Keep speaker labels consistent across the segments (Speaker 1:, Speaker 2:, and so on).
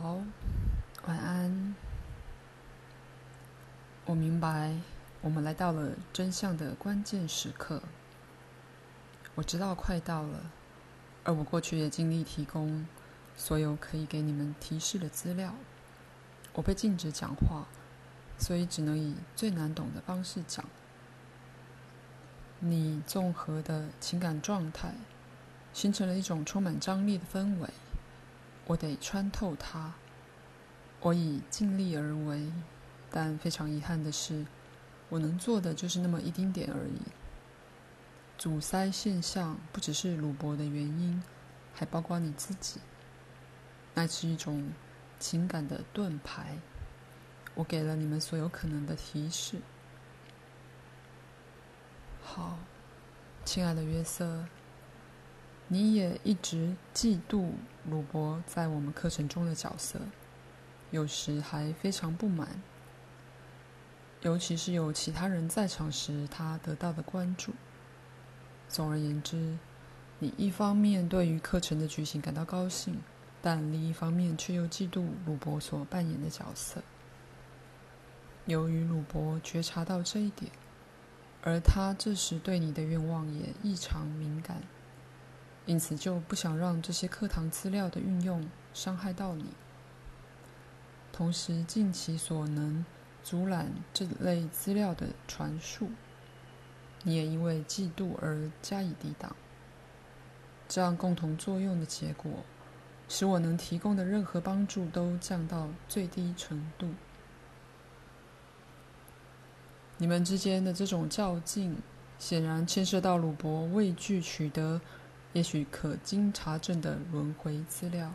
Speaker 1: 好，晚安。我明白，我們來到了真相的關鍵時刻。我知道快到了，而我過去也盡力提供所有可以給你們提示的資料。我被禁止講話，所以只能以最難懂的方式講。你綜合的情感狀態，形成了一種充滿張力的氛圍。我得穿透它，我已盡力而為，但非常遺憾的是，我能做的就是那麼一丁點而已。阻塞現象不只是魯伯的原因，還包括你自己，那是一種情感的盾牌。我給了你們所有可能的提示。好，親愛的約瑟。你也一直嫉妒魯伯在我們課程中的角色，有時還非常不滿，尤其是有其他人在場時他得到的關注。總而言之，你一方面對於課程的舉行感到高興，但另一方面卻又嫉妒魯伯所扮演的角色。由於魯伯覺察到這一點，而他這時對你的願望也異常敏感。因此就不想讓這些課堂資料的運用傷害到你，同時盡其所能阻攔這類資料的傳述。你也因為嫉妒而加以抵擋，這樣共同作用的結果，使我能提供的任何幫助都降到最低程度。你們之間的這種較勁，顯然牽涉到魯柏畏懼取得也許可經查證的輪迴資料，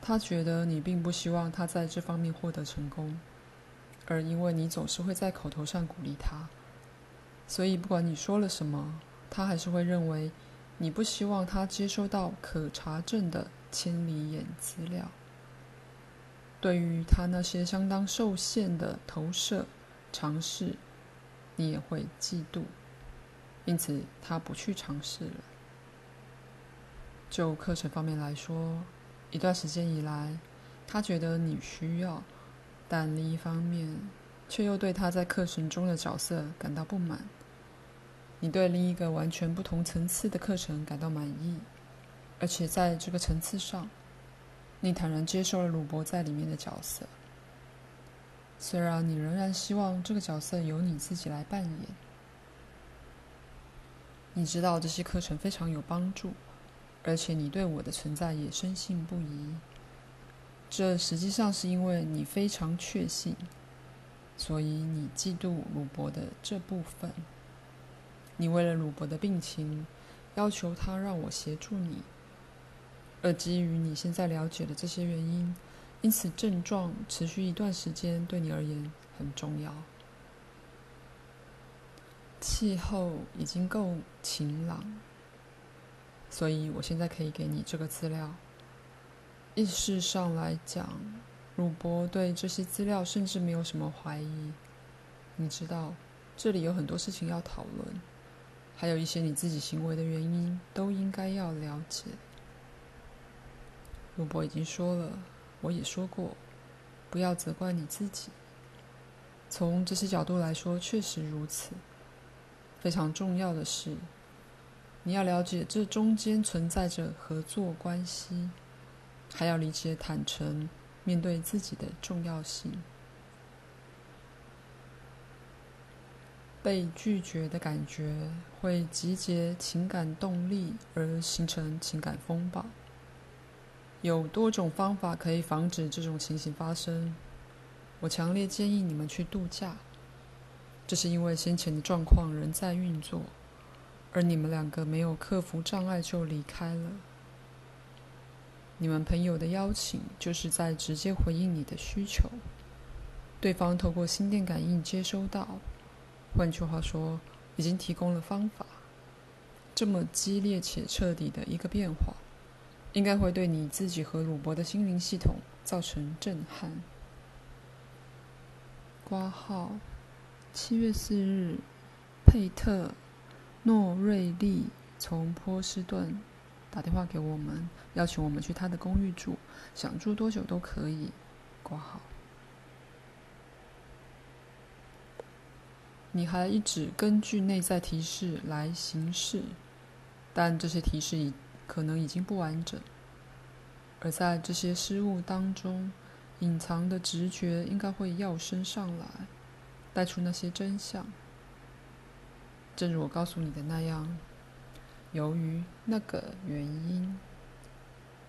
Speaker 1: 他覺得你並不希望他在這方面獲得成功，而因為你總是會在口頭上鼓勵他，所以不管你說了什麼，他還是會認為你不希望他接收到可查證的千里眼資料。對於他那些相當受限的投射嘗試，你也會嫉妒，因此他不去嘗試了。就課程方面來說，一段時間以來，他覺得你需要，但另一方面，卻又對他在課程中的角色感到不滿。你對另一個完全不同層次的課程感到滿意，而且在這個層次上，你坦然接受了魯伯在裡面的角色，雖然你仍然希望這個角色由你自己來扮演。你知道這些課程非常有幫助。而且你對我的存在也深信不疑，這實際上是因為你非常確信，所以你嫉妒魯伯的這部分。你為了魯伯的病情，要求他讓我協助你，而基於你現在了解的這些原因，因此症狀持續一段時間對你而言很重要。氣候已經夠晴朗。所以我現在可以給你這個資料。意識上來講，魯柏對這些資料甚至沒有什麼懷疑。你知道，這裡有很多事情要討論，還有一些你自己行為的原因都應該要了解。魯柏已經說了，我也說過，不要責怪你自己。從這些角度來說，確實如此。非常重要的是你要了解這中間存在着合作關係，還要理解坦誠面對自己的重要性。被拒絕的感覺會集結情感動力而形成情感風暴。有多種方法可以防止這種情形發生。我強烈建議你們去度假，這是因為先前的狀況仍在運作。而你們兩個沒有克服障礙就離開了。你們朋友的邀請就是在直接回應你的需求。對方透過心電感應接收到，換句話說，已經提供了方法。這麼激烈且徹底的一個變化，應該會對你自己和魯柏的心靈系統造成震撼。掛號，七月四日，佩特。諾瑞利從波士頓打電話給我們，邀請我們去他的公寓住，想住多久都可以。括號。你還一直根據內在提示來行事，但這些提示已可能已經不完整。而在這些失誤當中，隱藏的直覺應該會躍升上來，帶出那些真相。正如我告訴你的那樣，由於那個原因，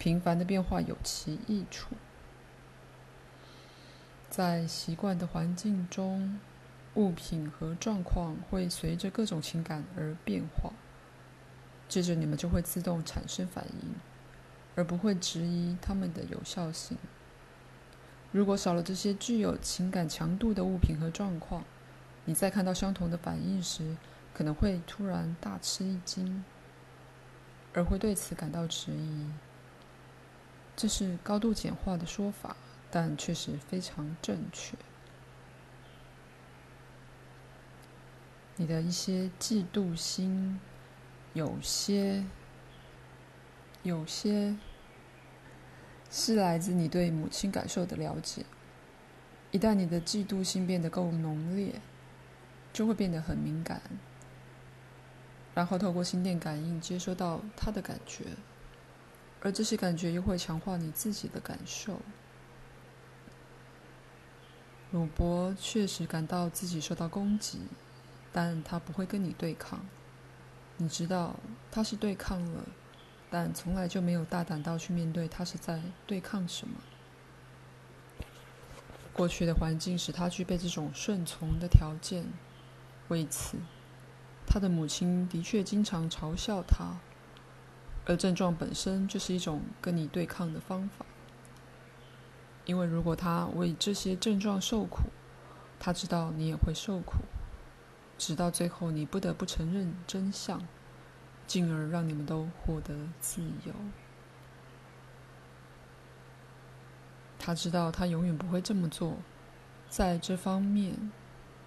Speaker 1: 頻繁的變化有其益處。在習慣的環境中，物品和狀況會隨着各種情感而變化，接着你們就會自動產生反應，而不會質疑它們的有效性。如果少了這些具有情感強度的物品和狀況，你在看到相同的反應時，可能會突然大吃一驚，而會對此感到遲疑。這是高度簡化的說法，但確實非常正確。你的一些嫉妒心，有些，有些，是來自你對母親感受的了解。一旦你的嫉妒心變得夠濃烈，就會變得很敏感。然後透過心電感應接收到他的感覺，而這些感覺又會強化你自己的感受。魯伯確實感到自己受到攻擊，但他不會跟你對抗。你知道，他是對抗了，但從來就沒有大膽到去面對他是在對抗什麼。過去的環境使他具備這種順從的條件，為此。他的母親的確經常嘲笑他，而症狀本身就是一種跟你對抗的方法。因為如果他為這些症狀受苦，他知道你也會受苦，直到最後你不得不承認真相，進而讓你們都獲得自由。他知道他永遠不會這麼做，在這方面，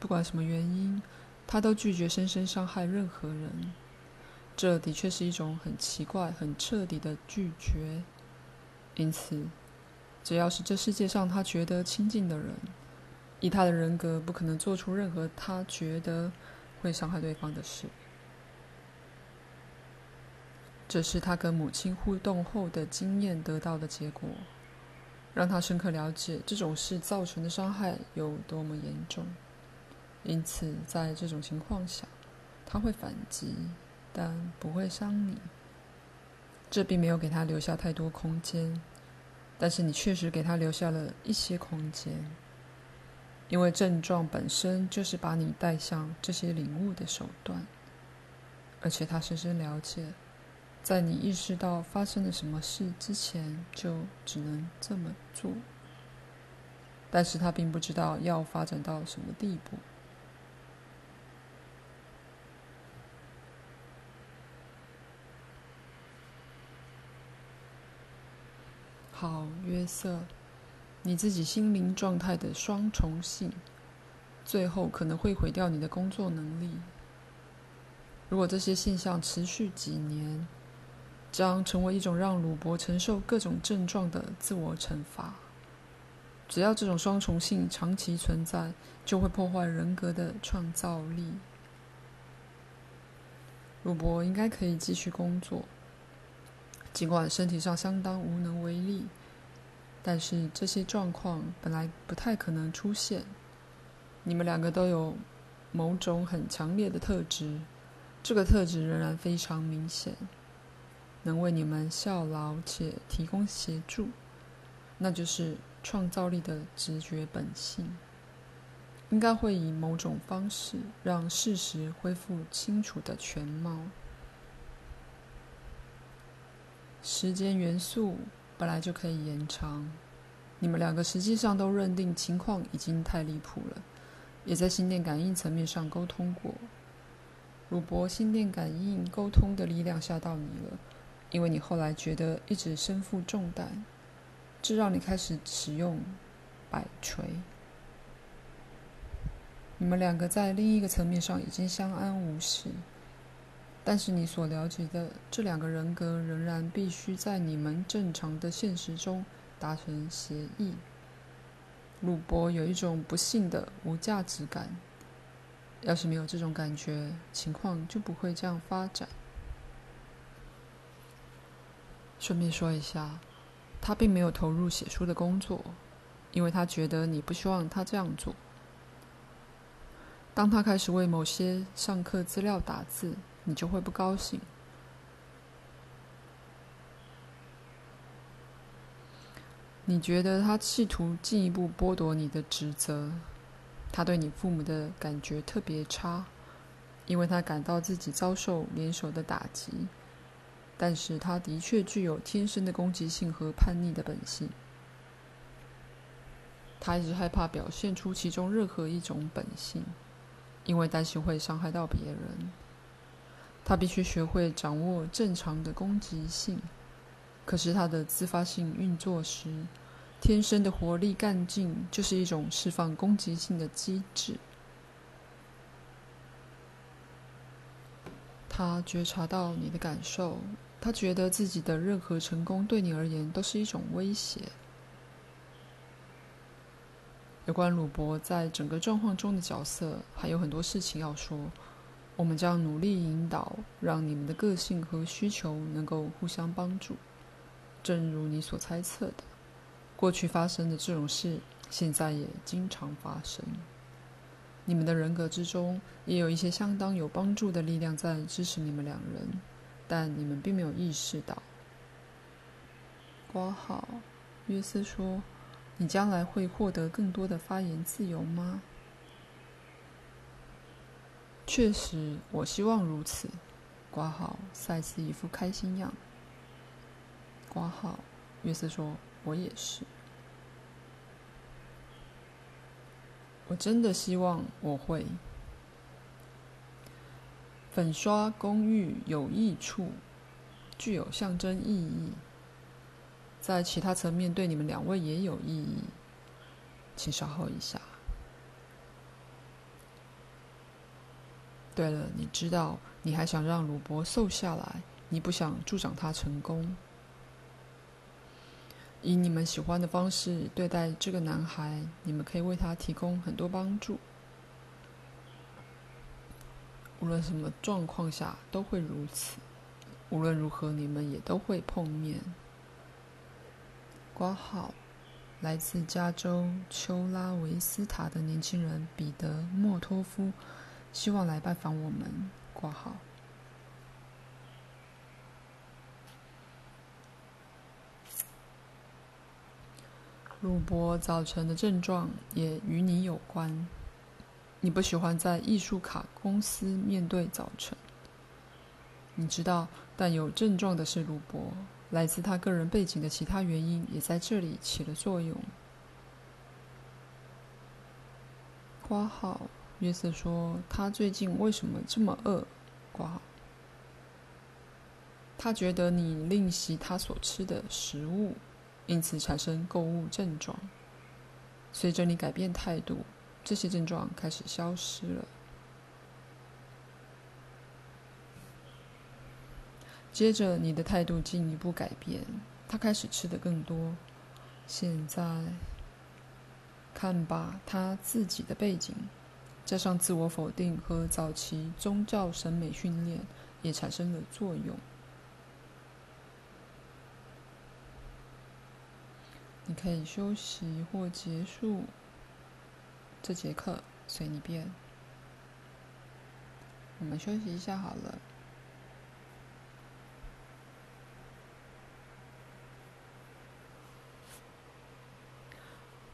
Speaker 1: 不管什麼原因。他都拒絕深深傷害任何人，這的確是一種很奇怪、很徹底的拒絕。因此，只要是這世界上他覺得親近的人，以他的人格不可能做出任何他覺得會傷害對方的事。這是他跟母親互動後的經驗得到的結果，讓他深刻了解這種事造成的傷害有多麼嚴重。因此，在這種情況下，他會反擊，但不會傷你。這並沒有給他留下太多空間，但是你確實給他留下了一些空間，因為症狀本身就是把你帶向這些領悟的手段。而且他深深了解，在你意識到發生了什麼事之前，就只能這麼做。但是他並不知道要發展到什麼地步。好，約瑟，你自己心靈狀態的雙重性，最後可能會毀掉你的工作能力。如果這些現象持續幾年，將成為一種讓魯伯承受各種症狀的自我懲罰。只要這種雙重性長期存在，就會破壞人格的創造力。魯伯應該可以繼續工作。儘管身體上相當無能為力，但是這些狀況本來不太可能出現。你們兩個都有某種很強烈的特質，這個特質仍然非常明顯，能為你們效勞且提供協助，那就是創造力的直覺本性。應該會以某種方式讓事實恢復清楚的全貌。時間元素本來就可以延長，你們兩個實際上都認定情況已經太離譜了，也在心電感應層面上溝通過。魯柏心電感應溝通的力量嚇到你了，因為你後來覺得一直身負重擔，這讓你開始使用擺錘。你們兩個在另一個層面上已經相安無事。但是你所了解的這兩個人格仍然必須在你們正常的現實中達成協議。魯柏有一種不幸的無價值感。要是沒有這種感覺，情況就不會這樣發展。順便說一下，他並沒有投入寫書的工作，因為他覺得你不希望他這樣做。當他開始為某些上課資料打字，你就會不高興。你覺得他企圖進一步剝奪你的職責，他對你父母的感覺特別差，因為他感到自己遭受聯手的打擊。但是他的確具有天生的攻擊性和叛逆的本性。他一直害怕表現出其中任何一種本性，因為擔心會傷害到別人。他必須學會掌握正常的攻擊性，可是他的自發性運作時，天生的活力幹勁就是一種釋放攻擊性的機制。他覺察到你的感受，他覺得自己的任何成功對你而言都是一種威脅。有關魯柏在整個狀況中的角色，還有很多事情要說。我們將努力引導，讓你們的個性和需求能夠互相幫助。正如你所猜測的，過去發生的這種事，現在也經常發生。你們的人格之中也有一些相當有幫助的力量在支持你們兩人，但你們並沒有意識到。瓜號約瑟說：“你將來會獲得更多的發言自由嗎？”確實，我希望如此。括號，賽斯一副開心樣。括號，約瑟說：“我也是。我真的希望我會。”粉刷公寓有益處，具有象徵意義，在其他層面對你們兩位也有意義。請稍候一下。為了你知道，你還想讓魯柏瘦，瘦下來，你不想助長他成功。以你們喜歡的方式對待這個男孩，你們可以為他提供很多幫助。無論什麼狀況下都會如此，無論如何你們也都會碰面。掛號，來自加州丘拉維斯塔的年輕人彼得·莫托夫。希望來拜訪我們，括號。魯柏早晨的症狀也與你有關。你不喜歡在藝術卡公司面對早晨。你知道，但有症狀的是魯柏，來自他個人背景的其他原因也在這裡起了作用。括號。約瑟說：“他最近為什麼這麼餓？”瓜。他覺得你吝惜他所吃的食物，因此產生購物症狀。隨着你改變態度，這些症狀開始消失了。接着，你的態度進一步改變，他開始吃得更多。現在，看吧，他自己的背景。加上自我否定和早期宗教審美訓練，也產生了作用。你可以休息或結束這節課，隨你便。我們休息一下好了。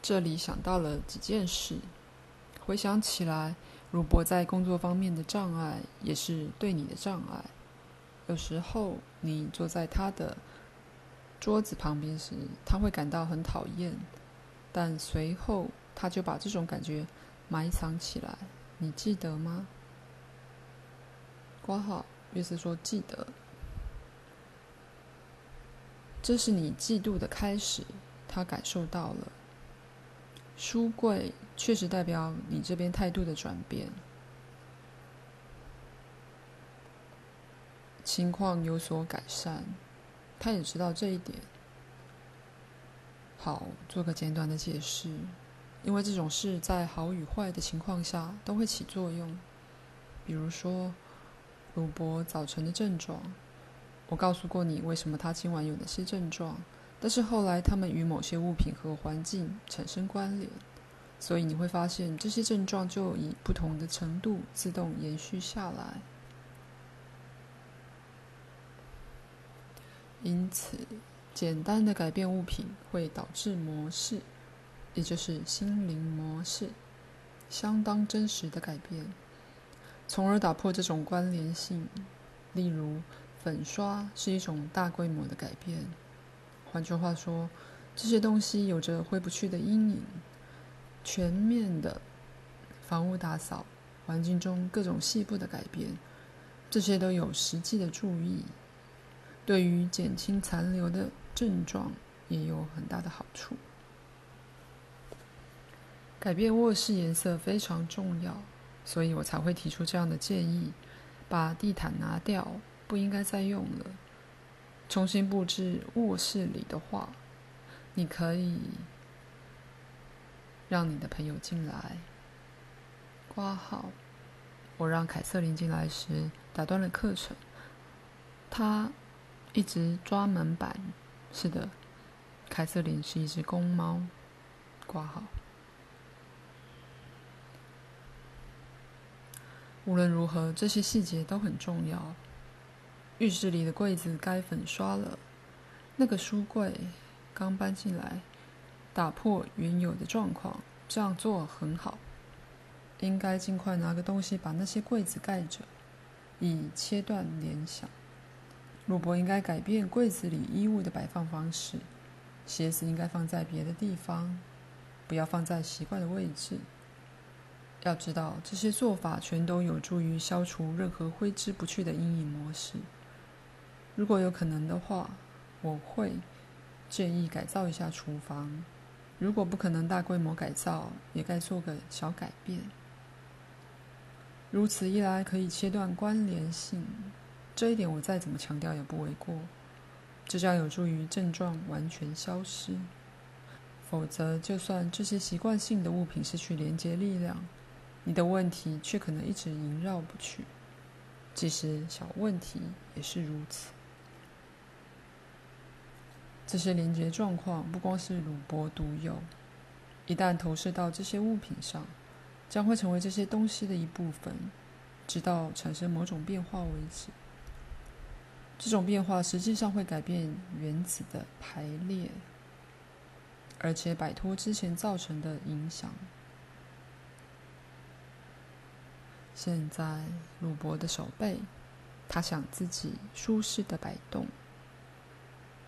Speaker 1: 這裡想到了幾件事。回想起來，魯伯在工作方面的障礙也是對你的障礙。有時候你坐在他的桌子旁邊時，他會感到很討厭，但隨後他就把這種感覺埋藏起來。你記得嗎？括號，約瑟說記得。這是你嫉妒的開始，他感受到了。書櫃確實代表你這邊態度的轉變，情況有所改善，他也知道這一點。好，做個簡短的解釋，因為這種事在好與壞的情況下都會起作用。比如說，魯伯早晨的症狀，我告訴過你為什麼他今晚有哪些症狀。但是後來，他們與某些物品和環境產生關聯，所以你會發現這些症狀就以不同的程度自動延續下來。因此，簡單的改變物品會導致模式，也就是心靈模式相當真實的改變，從而打破這種關聯性。例如，粉刷是一種大規模的改變。換句話說，這些東西有着揮不去的陰影。全面的房屋打掃，環境中各種細部的改變，這些都有實際的注意，對於減輕殘留的症狀也有很大的好處。改變臥室顏色非常重要，所以我才會提出這樣的建議。把地毯拿掉，不應該再用了。重新佈置臥室裡的話，你可以讓你的朋友進來。括號。我讓凱瑟琳進來時打斷了課程，她一直抓門板。是的，凱瑟琳是一隻公貓。括號。無論如何，這些細節都很重要。浴室裡的櫃子該粉刷了。那個書櫃剛搬進來，打破原有的狀況，這樣做很好。應該盡快拿個東西把那些櫃子蓋着，以切斷聯想。魯柏應該改變櫃子裡衣物的擺放方式，鞋子應該放在別的地方，不要放在習慣的位置。要知道，這些做法全都有助於消除任何揮之不去的陰影模式。如果有可能的話，我會建議改造一下廚房。如果不可能大規模改造，也該做個小改變。如此一來，可以切斷關聯性，這一點我再怎麼強調也不為過。這將有助於症狀完全消失。否則，就算這些習慣性的物品失去連接力量，你的問題卻可能一直縈繞不去。即使小問題也是如此。這些連接狀況不光是魯柏獨有，一旦投射到這些物品上，將會成為這些東西的一部分，直到產生某種變化為止。這種變化實際上會改變原子的排列，而且擺脫之前造成的影響。現在，魯柏的手背，他想自己舒適地擺動。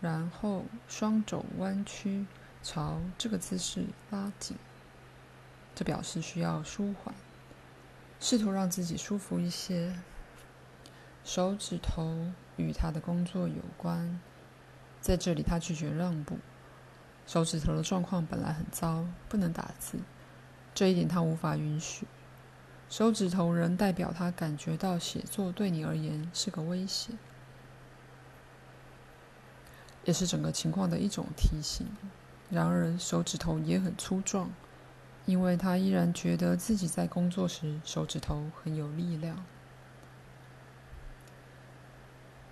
Speaker 1: 然後雙肘彎曲，朝這個姿勢拉緊。這表示需要舒緩，試圖讓自己舒服一些。手指頭與他的工作有關，在這裡他拒絕讓步。手指頭的狀況本來很糟，不能打字，這一點他無法允許。手指頭仍代表他感覺到寫作對你而言是個威脅。也是整個情況的一種提醒。然而，手指頭也很粗壯，因為他依然覺得自己在工作時手指頭很有力量。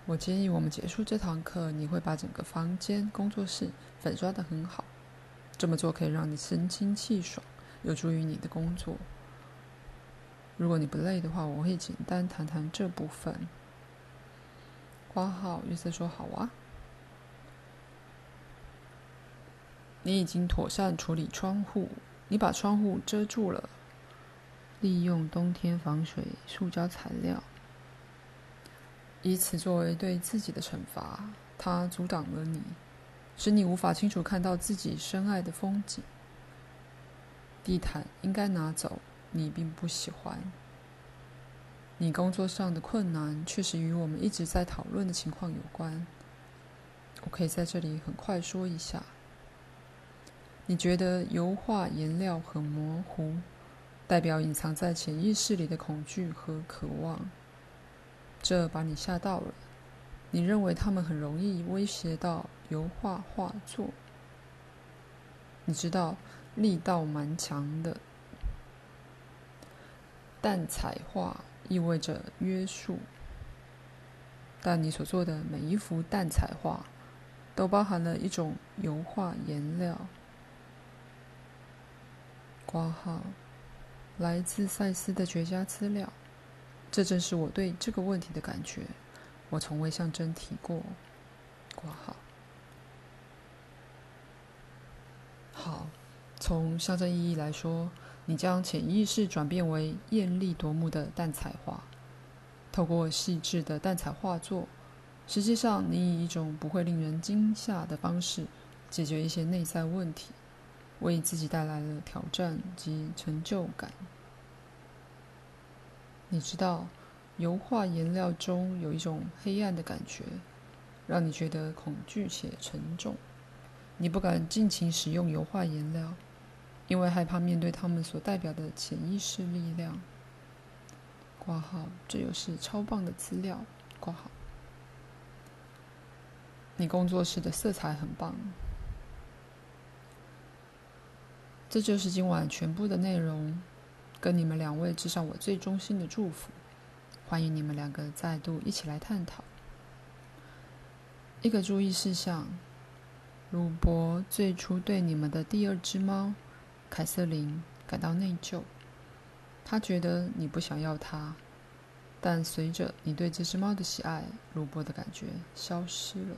Speaker 1: 我建議我們結束這堂課。你會把整個房間、工作室粉刷得很好，這麼做可以讓你神清氣爽，有助於你的工作。如果你不累的話，我會簡單談談這部分。括號，約瑟說：“好啊。”你已經妥善處理窗戶，你把窗戶遮住了，利用冬天防水塑膠材料，以此作為對自己的懲罰。它阻擋了你，使你無法清楚看到自己深愛的風景。地毯應該拿走，你並不喜歡。你工作上的困難確實與我們一直在討論的情況有關，我可以在這裡很快說一下。你覺得油畫顏料很模糊，代表隱藏在潛意識裡的恐懼和渴望。這把你嚇到了。你認為他們很容易威脅到油畫畫作。你知道力道蠻強的。蛋彩畫意味着約束，但你所做的每一幅蛋彩畫都包含了一種油畫顏料。括號，來自賽斯的絕佳資料。這正是我對這個問題的感覺。我從未向珍提過括號。好，從象徵意義來說，你將潛意識轉變為豔麗奪目的淡彩畫，透過細緻的淡彩畫作，實際上你以一種不會令人驚嚇的方式解決一些內在問題。為自己帶來了挑戰及成就感。你知道，油畫顏料中有一種黑暗的感覺，讓你覺得恐懼且沉重。你不敢盡情使用油畫顏料，因為害怕面對他們所代表的潛意識力量。掛號，這又是超棒的資料。掛號，你工作室的色彩很棒。這就是今晚全部的內容，跟你們兩位致上我最衷心的祝福。歡迎你們兩個再度一起來探討。一個注意事項：魯伯最初對你們的第二隻貓凱瑟琳感到內疚，他覺得你不想要它。但隨着你對這隻貓的喜愛，魯伯的感覺消失了。